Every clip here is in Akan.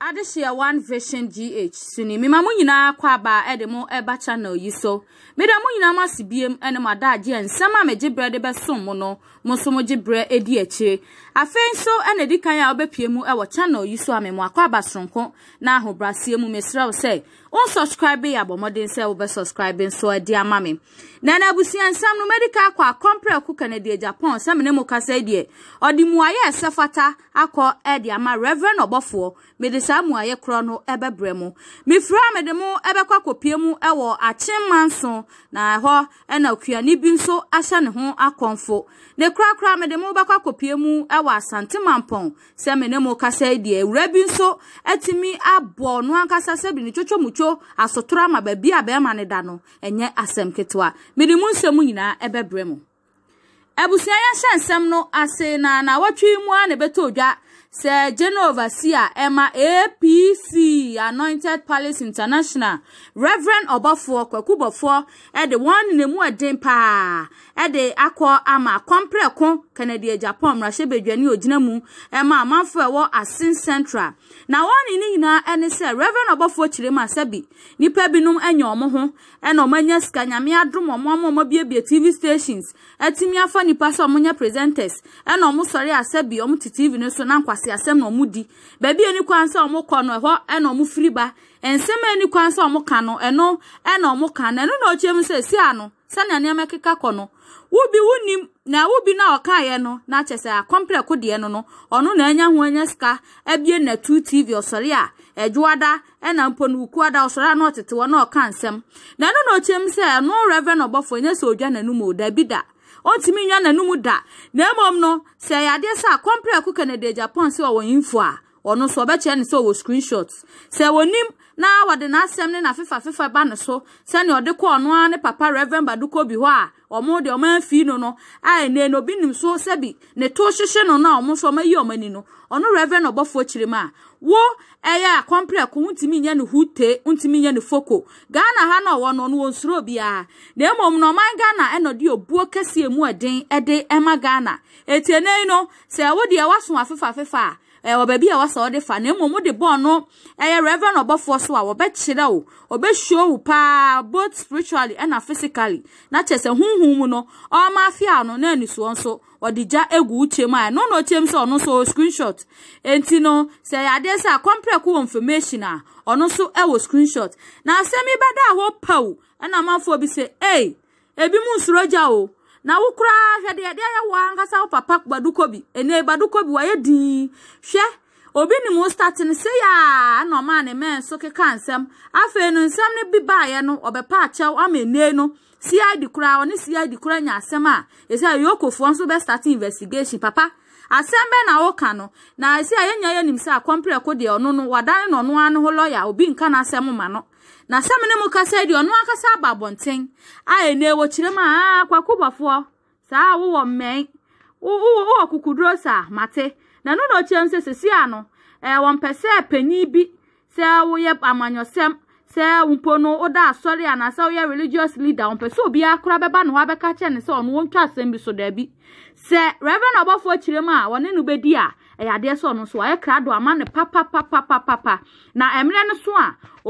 adehyia one vision gh so ni mema mo nyinaa kɔ aba ɛde mo channel yi so meda mo nyinaa mo ase biem ɛne mo adagye nsɛm a megye berɛ de bɛsom mo no mo nso mo gye berɛ edi akyire afei nso ɛna edi kan a ɔbɛpie mu ɛwɔ channel yi so a memo akɔ aba soronko na ahobraseɛ mu mesrɛ wo sɛ wo nsubscribe yɛ abɔ mmɔden sɛ wobɛsubscribe nso ɛde ama me na na abusua nsɛm no medical akɔ akɔmprɛ ko kennedy japan sɛ mene mo kasa deɛ ɔde mmuayɛ ɛsɛ fata akɔ ɛde ama reverend ɔbɔfoɔ mede saa mmuayɛ korɔ no ɛbɛbrɛ mu mefiri a mede mo ɛbɛkɔ akɔpie mu ɛwɔ akyemma nso na ɛhɔ ɛna okuani bi nso ahyɛ ne ho akɔmfo ne korakora mede mo bɛkɔ akɔpie mu ɛwɔ asantemampɔn sɛ me ne mo kasa deɛ awura bi nso atumi abɔ no ankasa sɛbi ne twotwomutwo asotoro ama baabi a bɛrima no da no ɛnyɛ asɛm ketewa mede mu nsɛm nyinaa ɛbɛbrɛ mu abusua yɛhyɛ nsɛm no ase na na wɔtwe mu a na ɛbɛtɔ odwa Sir General Overseer Emma APC Anointed Palace International Reverend Ọbọfọ Kwekubọfọ ede eh, wọn na emu eden paa ede eh, akọ ama kọmprẹko Kennedy Ejapọ mmarahyɛbadwani ogyina mu eh, ma amanfo ɛwɔ Asin Central na wɔn ne nyinaa ne sɛ Reverend Ọbọfọ kyerɛ mu asɛbi nipa binom anya wɔn ho na wɔn anya sika nyame adom wɔn ama wɔn abiebie TV stations atumi afa nipa sɛ wɔn nyɛ presenters na wɔn sɔre asɛbi wɔn te TV no so na nkwasa. ase asem na ɔmo di eni a ni kwan sɛ ɔmo kɔ no ɛhɔ ɛna ɔmo firi ba nsɛm a ni kwan sɛ ɔmo ka no ɛno ɛna ɔmo ka no ɛno na ɔkyerɛ mu si ano sana nneɛma keka kɔ no wobi wonim na wobi na ɔkaeɛ no na kyɛ sɛ akɔmprɛ ko deɛ no no ɔno na anya ho anya sika abie na tu tv ɔsɔre a ɛdwoada ɛna mpo no wukuada ɔsɔre a na ɔtete hɔ na ɔka nsɛm na ɛno na ɔkyerɛ mu sɛ ɛno rɛvɛ na ɔbɔfo nyɛ sɛ ɔdwa n'anum o ɔntumi nwa n'anum da na mmom no sɛ ɛyɛ adeɛ sɛ akɔmpere na kennedy japan sɛ ɔwɔ info a ɔno nso ɔbɛkyerɛ ne sɛ ɔwɔ screenshot sɛ wɔnim na wɔde n'asɛm na n'afefa fefa ba ne so sɛnea ɔde kɔɔ noa ne papa reverend baduko bi hɔ a ɔmo deɛ ɔmo afi no no a ɛnɛ no obi nim so sɛbi ne to hyehyɛ no na ɔmo nso ɔmo ayi ɔmo ani no ɔno rɛvɛ na ɔbɔfoɔ kyerɛ mu a wo ɛyɛ a kɔmprɛ ko ntumi nyɛ ne hute ntumi nyɛ ne foko ghana ha na ɔwɔ no ɔno wɔn suro biara na mmom na ɔman ghana ɛna ɔde obuo kɛseɛ mu ɛden ɛde ɛma ghana etie ne no sɛ ɛwɔ deɛ waso afefa afefa a ɛwɔ baabi a wasa ɔde fa na mmom de bɔɔl no ɛyɛ reverend ɔbɔfoɔ so a wɔbɛkyerɛ wo ɔbɛhyio wo paa both spiritually ɛna physically na kyerɛ hunhun huhu mu no ɔma afia no na anisoɔ nso ɔde gya egu uche kyɛm a ɛno na ɔkyɛm sɛ ɔno nso screenshot enti no sɛ ya adeɛ sɛ akɔmprɛko wɔ information a ɔno nso ɛwɔ screenshot na asɛm yi bɛda a wɔpa wo ɛna amanfoɔ bi sɛ ei ebi mu nsoro gya o na wo koraa hwɛ deɛ deɛ yɛ wɔ ankasa wo papa gbaduko bi ɛnɛ gbaduko bi wɔyɛ dii hwɛ obi ne mu start no sɛ yɛ a na ɔma ne mɛn so keka nsɛm afei no nsɛm no bi baeɛ no ɔbɛpa akyɛw ama ɛnɛ no cid koraa ɔne cid koraa nya asɛm a ɛsɛ yɛkofoɔ nso bɛstart investigation papa asɛm bɛ na woka no na se a yɛnya yɛnim sɛ akɔmprɛ ko deɛ ɔno no wadane no ɔno ano lawyer lɔya obi nka n'asɛm ma no na asɛm no mu kasa deɛ akasa aba a saa kukuduro mate na ɛno na ɔkyerɛ a no wɔmpɛ sɛ panyin bi sɛ woyɛ amanyɔsɛm sɛ mpo no na asɔre anaasɛ woyɛ religious leader bi so reverend a no bɛdi a ɛyɛ adeɛ sɛ ɔno nso wɔayɛ krado ama ne na mmerɛ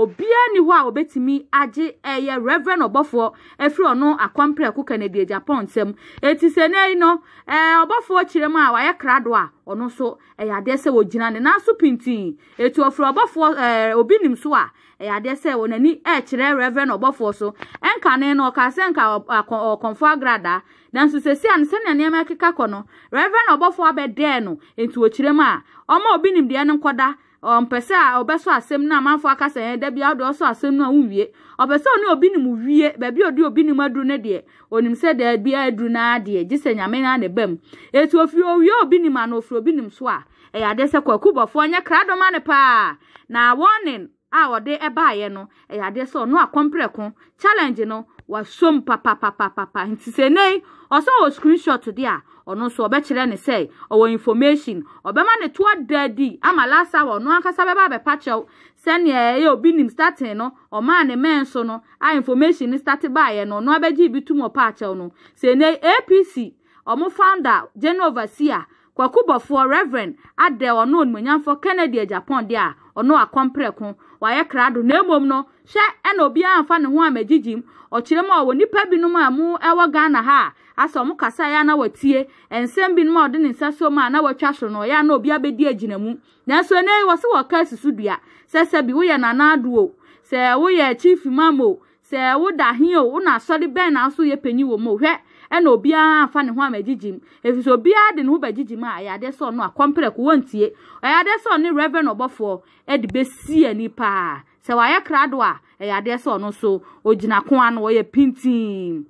obiara ni hɔ a obetumi agye ɛyɛ reverend ɔbɔfoɔ efiri ɔno akɔmprɛko kennedy japan nsɛm eti sɛ n'ayi no ɛɛ ɔbɔfoɔ kyerɛ mu a wayɛ krado a ɔno nso ɛyɛ adeɛ sɛ wogyina ne nan so pintin etu ɔfiri ɔbɔfoɔ ɛɛ obi nim so a ɛyɛ adeɛ sɛ wɔn ani ɛɛkyerɛ reverend ɔbɔfoɔ so ɛnka ne no ɔka sɛ nka ɔkɔnfo agradaa nanso sɛ si a sɛnea nneɛma akeka kɔ no reverend ɔbɔfoɔ abɛdɛɛ no etu okyerɛ mu a ɔmo obi nim deɛ no nkɔda on pese a obeso asem na manfo akase en da bia do so asem na wuwie obeso ni obi ni mu wie ba bi odi obi ni mu adru ne de onim se da bia adru na de gise nyame na ne bam etu ofi owie obi ni ma na ofi obi ni so a e ya de se kwaku bofo anya krado ma ne pa na warning a wode e baaye no e ya de se no akomprekon challenge no wasom papapapapa nti sɛ nei ɔsɛ wɔ screenshot de a ɔno nso ɔbɛkyerɛ ne sɛ ɔwɔ information ɔbɛma ne toɔ daa di ama last hour ɔno ankasa bɛba abɛpa kyɛw sɛnea ɛyɛ obi nim starting no ɔmaa ne mɛn so no a information ne start baayɛ no ɔno abɛgye ibi tum ɔpa akyɛw no sɛ nei apc ɔmo founder general overseer kwakubɔfoɔ reverend adɛ ɔno onimonyamfoɔ kennedy japan deɛ a ɔno akɔmprɛko wayɛ krado na mmom no hyɛ ɛna obiara mfa ne ho amagyigyi m ɔkyerɛ mu a wɔ nnipa binom a mu ɛwɔ ghana ha a asɛ ɔmo kasa ya na watie nsɛm binom a ɔde ne nsa so mu a na watwa so na ɔyɛ a na obi abɛdi agyina mu nanso ɛnɛ wɔ se wɔ ka susu dua sɛ sɛ bi woyɛ nanaadoɔ sɛ woyɛ chief mam o sɛ woda he o wona asɔre bɛn na nso yɛ panyin wɔ mu o hwɛ ɛna obiara afa ne ho amegyigyi m ɛfiri obiara de ne ho bɛgyigyi m a ɛyɛ adeɛ sɛ ɔno akɔmprɛko wɔntie ɛyɛ adeɛ sɛ ɔne reverend ɔbɔfoɔ e de bɛsi ani paa sɛ wayɛ krado a ɛyɛ e adeɛ sɛ ɔno nso ɔgyina ko ano ɔyɛ pintin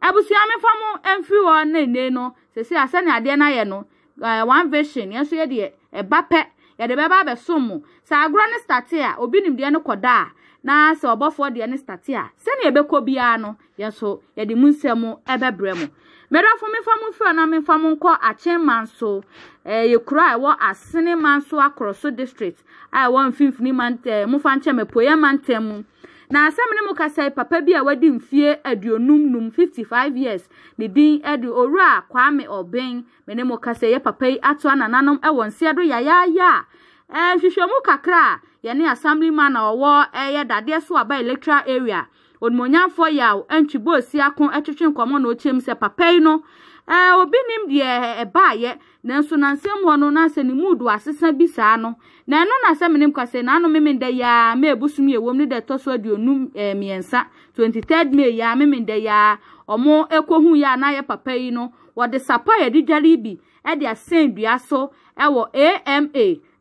abusua mefa mu mfiri hɔ na ene no sɛsi asɛne adeɛ no ayɛ no ɛɛ one vision yɛn nso yɛ deɛ ɛba e pɛ yɛde bɛba abɛsom mo sɛ agorɔ ne state a obi nim deɛ no kɔ a na sɛ ɔbɔfoɔ deɛ ne state a sɛnea ɛbɛkɔ biara no yɛso yɛde mu nsɛm ɛbɛbrɛ mu mmerɛfo mefa mo mfiri na mefa mo nkɔ akyɛn manso ɛyɛ kuro a ɛwɔ asene manso akoroso district a ɛwɔ mfimfini mantɛn mofa nkyɛn mɛpoyɛ mantɛn mu na asɛm ne mu kasa papa bi a wadi mfie aduonum num 55 years ne din de owura kwame ɔbɛn me ne mu kasa yɛ papa yi ato anananom wɔ nsia do yayaaya nhwehwɛmu kakra a yɛne assemblyman a ɔwɔ ɛyɛ dadeɛ so aba electoral area onimonyamfoɔ yaw ntwi boosi ako twetwe nkɔmɔ na ɔkyɛm sɛ papa yi no ɛɛ obi nim deɛ ɛbaayɛ nanso nansɛm hɔ no nansɛ ne mu asesa bi saa no na ɛno na sɛ menim kwa sɛ naano meme da yaa ma ebusom yɛ wɔm ne da ɛtɔ so ɛɛ mmiɛnsa twenty third may yaa meme da yaa ɔmo ekohu yɛ a n'ayɛ papa yi no wɔde sapa yɛde dware bi ɛde asɛn dua so ɛwɔ ama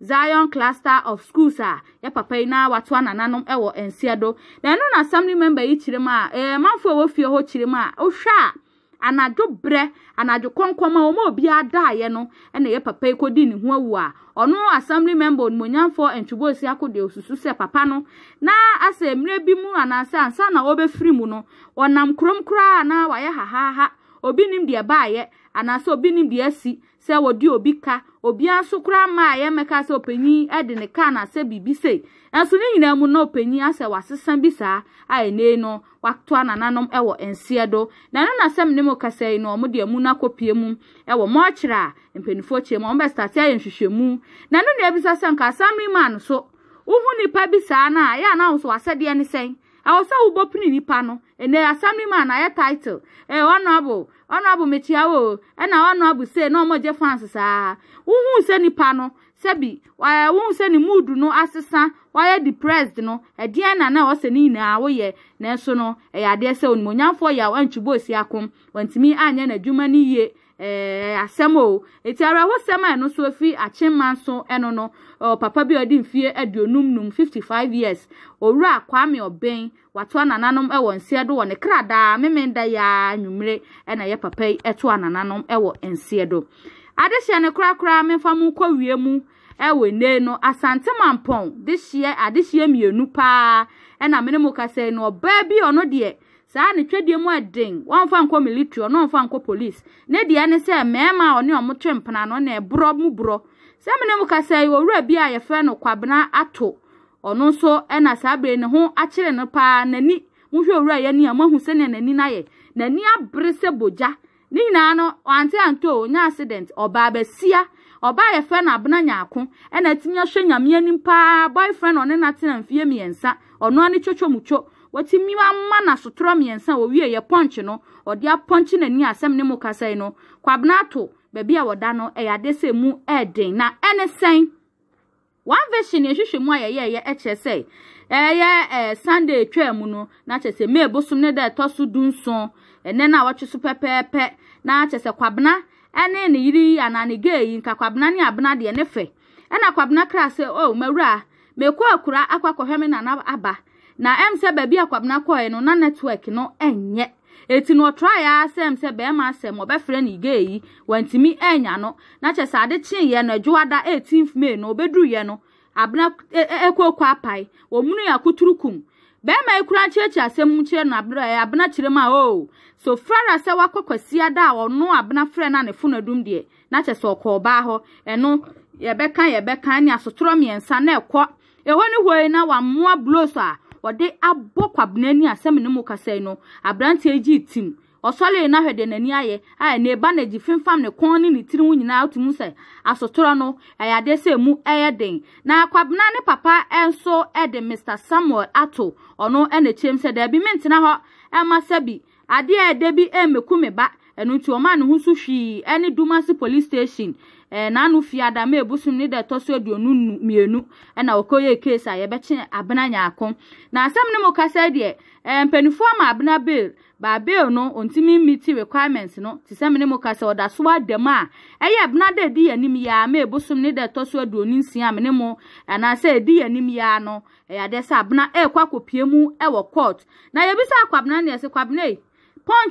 zion cluster of schools a yɛ papa yi na watoa nananom wɔ nsia na ɛno na assembly member yi kyerɛ eh a ɛɛ manfo a wɔfie hɔ kyerɛ mu a ohwɛ a anadwo brɛ anadwo kɔnkɔn a wɔn a obiara no ɛna yɛ papa yi kɔdi ne ho awu a assembly member onimonyamfoɔ ntwiboosi akɔde osusu se papa no na asɛ mmerɛ bi mu anaasɛ ansa na wɔbɛfiri mu no ɔnam kurom koraa na ha ha obi nim deɛ baayɛ anaasɛ obi nim deɛ asi sɛ wɔde obi ka obiara nso koraa mmaa yɛ mɛka sɛ ɔpanyin de ne kaa n'asɛ biribi sei nso ne nyinaa mu na ɔpanyin asɛ wasesa bi saa a ɛnee no watoa nananom wɔ nseɛ do na ɛno n'asɛm ne mu kasa yi no wɔn deɛ mu na kopie mu ewo mɔɔkyerɛ a mpanimfoɔ kyerɛ mu wɔn bɛ sate ayɛ nhwehwɛmu na ɛno na ebisa sɛ nka assembly man so wohu nipa bi saa na a yɛ a n'ahosuo asɛdeɛ ne sɛn awɔsɛ pini nipa no ɛnɛ assembly man ayɛ title eh, honorable honorable mekyiawo ɛna abu se na ɔmɔgye fans saa wohu sɛ nipa no sɛbi ɛɛ wohu sɛ ne mood no asesa wayɛ depressed no ɛdeɛn na na ɔsɛ ne nyinaa na nanso no ɛyɛ adeɛ sɛ onimonyamfoɔ yɛ a wɔntwi bɔɔsi akom wɔntumi anyɛ n'adwuma no yie Eh, asɛm o eti ara ɛwɔ sɛm a ɛno so efi akyemma so ɛno no ɔ papa bi a ɔdi mfie aduonum num fifty five years owura kwame ɔbɛn watoa nananom ɛwɔ nseɛ do wɔ ne kradaa mmemmenda yaa nwumire ɛna ɛyɛ papa yi ɛtoa nananom ɛwɔ nseɛ do adehyɛ ne korakora mmefa mu kɔ wie mu ɛwɔ ne no asantemampɔn dehyɛ adehyia mmienu paa ɛna mene mu kasa yi no ɔbaa bi ɔno deɛ saa ne twɛdeɛ mu ɛden wɔmfa nkɔ military ɔno ɔmfa nkɔ police ne deɛ ne sɛ mmarima a ɔne ɔmo twe mpena no na ɛborɔ mu borɔ sɛ mene mu kasa yi owura bi a yɛfrɛ no kwabena ato ɔno nso ɛna saa bere ne ho akyere no paa n'ani mohwɛ owura yɛ ni a moahu sɛnea n'ani no n'ani abere sɛ bogya ne nyinaa no ɔante anto nyɛ accident ɔbaa ɔbaa watumi ama n'asotoro mmiɛnsa wɔwie yɛ pɔnkye no ɔde apɔnkye n'ani asɛm ne mu kasa no kwabena ato baabi a wɔda no ɛyɛ ade sɛ mu ɛɛden na ɛne sɛn one version ehwehwɛ mu a yɛyɛɛyɛ ɛkyerɛ sɛ ɛyɛ ɛɛ sunday twɛ mu no na kyerɛ sɛ may bosom ne dɛ ɛtɔ so du nson ɛnɛ no a so pɛpɛɛpɛ na kyerɛ sɛ kwabena ɛne ne yiri anaa ne gay yi nka kwabena ne abena deɛ ne fɛ ɛna kwabena kra sɛ o oh, mawura mekɔ akura akɔ akɔhwɛ me nana aba na m sɛ baabi a kwabena kɔɛ no na network no ɛnyɛ eti na ɔtra ya asɛm sɛ ma asɛm ɔbɛfrɛ ne gay yi wantumi no na kyɛ sɛ ade kyeeɛ no adwoada 18th may na ɔbɛduruiɛ no abena ɛkɔɔkɔ e, e, apae wɔmunu yɛ akuturu kum bɛrima yi kura nkyerɛkyerɛ asɛm abena kyerɛ mu a oh, so frara sɛ wakɔ ada a ɔno abena frɛ na ne funu dum na kyɛ ɔkɔ ɔbaa hɔ ɛno yɛbɛka yɛbɛka ne na a wɔde abɔ kwabena ni asɛm ne mu kasa no aberanteɛ gyi tim ɔsɔre na hwɛ de n'ani ayɛ a ne ba na gyi fimfam ne kɔn ne ne tiri ho nyinaa tum sɛ asotoro no ɛyɛ adeɛ sɛ mu ɛyɛ den na kwabena ne papa nso ɛde mr samuel ato ɔno ɛna kyerɛm sɛ daabi mentena hɔ ɛma sɛ adeɛ a ɛda bi ɛmɛku me ba ɛno nti ɔmaa ne ho so hwii ɛne dumasi police station ɛɛ n'ano fi adama ebusun ne deɛ ɛtɔ so aduonu mmienu ɛna ɔkɔyɛ case a yɛbɛkye abena nyaako na asɛm ne mu kasa deɛ ɛɛ mpanimfoɔ ama abena bail baabel no ontimi mmiti requirements no te sɛ mene mu ka sɛ ɔda so adam a ɛyɛ abena da ɛdi yɛ anim yaa ma ɛbosom ne da ɛtɔ so aduonu nsia a mu anaasɛ ɛdi yɛ anim no ɛyɛ adeɛ sɛ abena ɛrekɔ akɔpie mu ɛwɔ court na yɛbisa akɔ abena ne yɛsɛ kɔ abena yi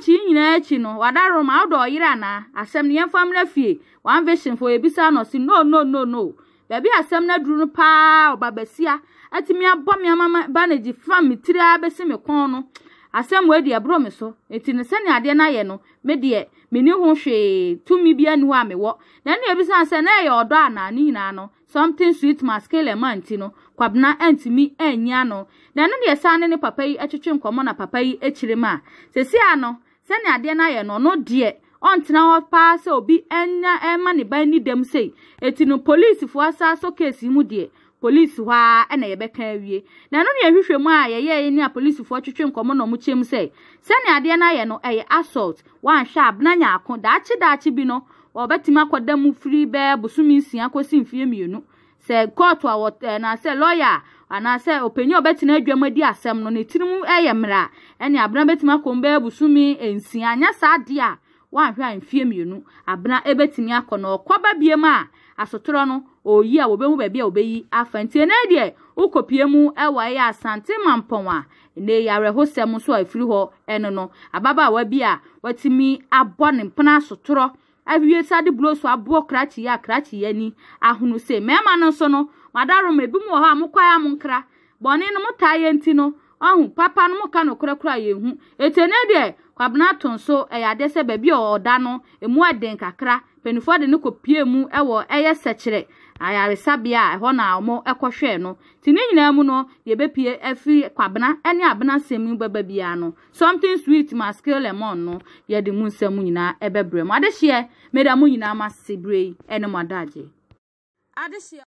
yi nyinaa akyi no wadaro ma ɔdɔ ɔyera ana asɛm no yɛmfa mmerɛ fie one vision fo ebisa no si no no no no baabi asɛm no aduru no paa ɔbabasia atumi abɔ me ama banage fam me tiri abɛsi me kɔn no asɛm wo adi aburo me so eti ne sɛnea adeɛ no ayɛ no me deɛ meni ho hwee tumi bi ani hɔ a mewɔ na ne ebisa sɛ na ɛyɛ ɔdɔ anaa ne nyinaa no something sweet ma scale ɛma nti no kwabena ntumi anyia no na ɛno deɛ saa ne ne papa yi atwitwe nkɔmmɔ na papa yi akyire mu a sesia no sɛnea adeɛ no ayɛ no ɔno deɛ ɔntena hɔ paa sɛ obi ɛnya ɛma ne ban ni dɛm sei eti no polisifoɔ asa so keesi mu deɛ polisi hɔ ara ɛna yɛbɛka awie na ɛno ne yɛhwehwɛ mu a yɛyɛ yɛ ne a polisifoɔ twetwe nkɔmɔ na ɔmo kyɛ mu sɛ sɛnea adeɛ no ayɛ no ɛyɛ assault wanhwɛ abena nya ako daakye daakye bi no ɔbɛtumi akɔda mu firi bɛɛ bosomi nsia kɔsi mfie mmienu sɛ court a wɔt eh, anaasɛ lawyer anaasɛ ɔpanyin a ɔbɛtena adwam adi asɛm no ne tirim yɛ mmara ɛne abena bɛtumi akɔ mbɛɛ busumi nsia anyɛ saa adeɛ a wɔahwɛ a mfie mmienu abena ɛbɛtumi akɔ na ɔkɔba biem a asotorɔ no oyi a wɔbɛhu baabi a wɔbɛyi afa nti ɛnɛ deɛ wokɔpie mu ɛwɔ ɛyɛ asante mampɔn a ne awerɛho sɛm nso a ɛfiri hɔ ɛno no ababaawa bi a watumi abɔ ne mpena asotorɔ awie sa de buroso aboɔ krakyeɛ a krakyeɛ ani ahono se mmarima no nso no madaroma ebi mu wɔ hɔ a mokwae a monkra bɔne no motaa yɛ nti no ɔhu papa no mu ka no korakora yɛn hu etie ne deɛ kwabena to nso ɛyɛ adeɛ sɛ baabi a ɔda no emu ɛden kakra mpanyinfoɔ de ne kɔ pie mu ɛwɔ ɛyɛ sɛkyerɛ ayaresabea ɛhɔ na wɔn ɛkɔhwɛɛ no te ne nyinaa mu no yɛbɛpie efi kwabena ɛne abena nsɛm mu bɛba biara no something sweet must kill lemon no yɛde mu nsɛm nyinaa ɛbɛbrɛ mu adehyeɛ mmeda mu nyinaa ma se bere ɛne mu adagye adehyeɛ.